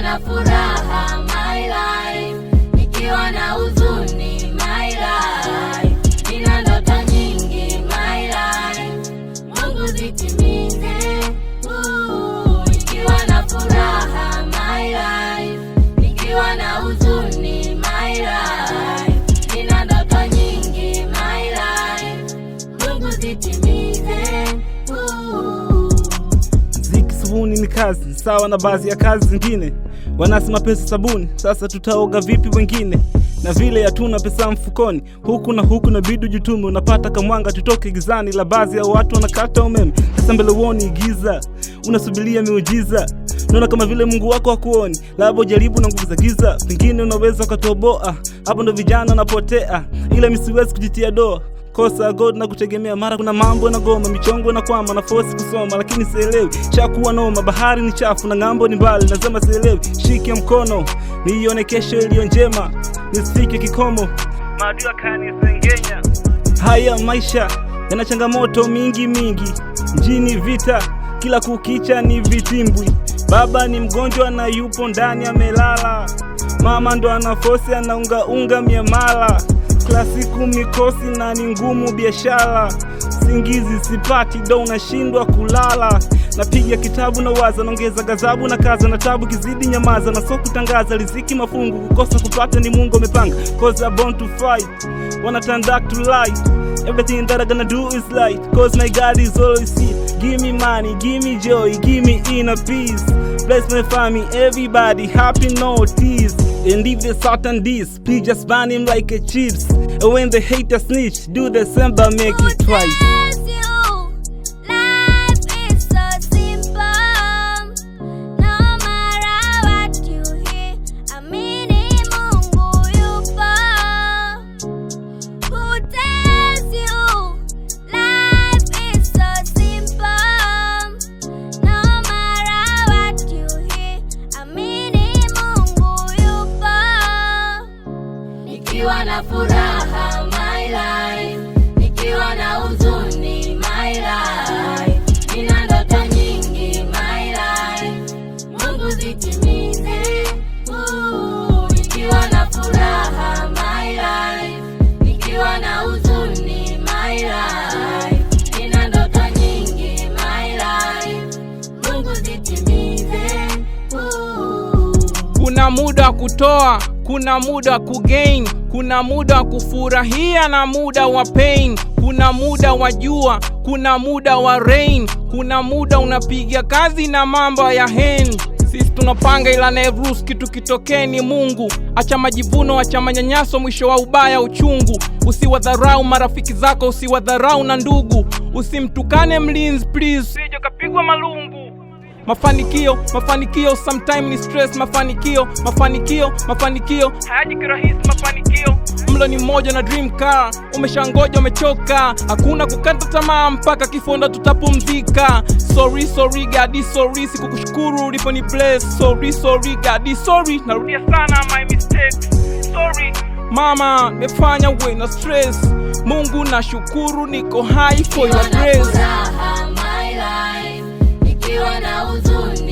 na furaha my life, nikiwa na huzuni my life, nina ndoto nyingi my life, Mungu ziti kazi sawa na baadhi ya kazi zingine, wanasema pesa sabuni. Sasa tutaoga vipi wengine? na vile hatuna pesa mfukoni, huku na huku na bidi jitume, unapata kamwanga tutoke gizani la baadhi ya watu wanakata umeme. Sasa mbele uoni giza, unasubiria miujiza Naona kama vile Mungu wako hakuoni, labda jaribu na nguvu za giza, pengine unaweza ukatoboa. Hapo ndo vijana wanapotea, ila misiwezi kujitia doa kosa God na kutegemea, mara kuna mambo na goma, michongo na kwama na force kusoma, lakini sielewi kuwa noma. Bahari ni chafu na ng'ambo ni mbali, nasema sielewi. Shike mkono nione kesho iliyo njema, nisifike kikomo, maadui kanisengenya. Haya maisha yana changamoto mingi mingi, mjini vita, kila kukicha ni vitimbwi. Baba ni mgonjwa na yupo ndani amelala, mama ndo anafosi anaungaunga miamala kila siku mikosi na ni ngumu biashara, singizi sipati do, unashindwa kulala. Napiga kitabu na waza, naongeza gazabu na kaza na tabu, kizidi nyamaza na so tangaza riziki mafungu, kukosa kupata ni Mungu amepanga, cause I born to fight, wanna turn dark to light, everything that I gonna do is light, cause my God is all I see Give me money, give me joy, give me inner peace. Bless my family, everybody happy no tease And if they sat on this, please just burn him like a chips. And when they hate a snitch, do the same but make it twice. nikiwa na furaha my life, nikiwa na huzuni my life, nina ndoto nyingi my life, Mungu zitimize. nikiwa na furaha my life, nikiwa na huzuni my life, nina ndoto nyingi my life, Mungu zitimize. Kuna muda wa kutoa kuna muda wa kugain, kuna muda wa kufurahia na muda wa pain, kuna muda wa jua, kuna muda wa rain, kuna muda unapiga kazi na mambo ya hen. Sisi tunapanga ila na kitu kitokee ni Mungu. Acha majivuno, acha manyanyaso, mwisho wa ubaya uchungu. Usiwadharau marafiki zako, usiwadharau na ndugu, usimtukane mlinzi please, usije kapigwa malungu. Mafanikio, mafanikio sometime ni stress. Mafanikio, mafanikio, mafanikio hayaji kirahisi. Mafanikio mlo ni mmoja na dream car, umeshangoja umechoka, hakuna kukata tamaa mpaka kifonda tutapumzika. Sorry, sorry God, sorry sikukushukuru ulipo ni bless. Sorry, sorry God, sorry narudia sana my mistake Sorry mama, nimefanya uwe na stress. Mungu nashukuru, niko high for your grace. ukiwa na huzuni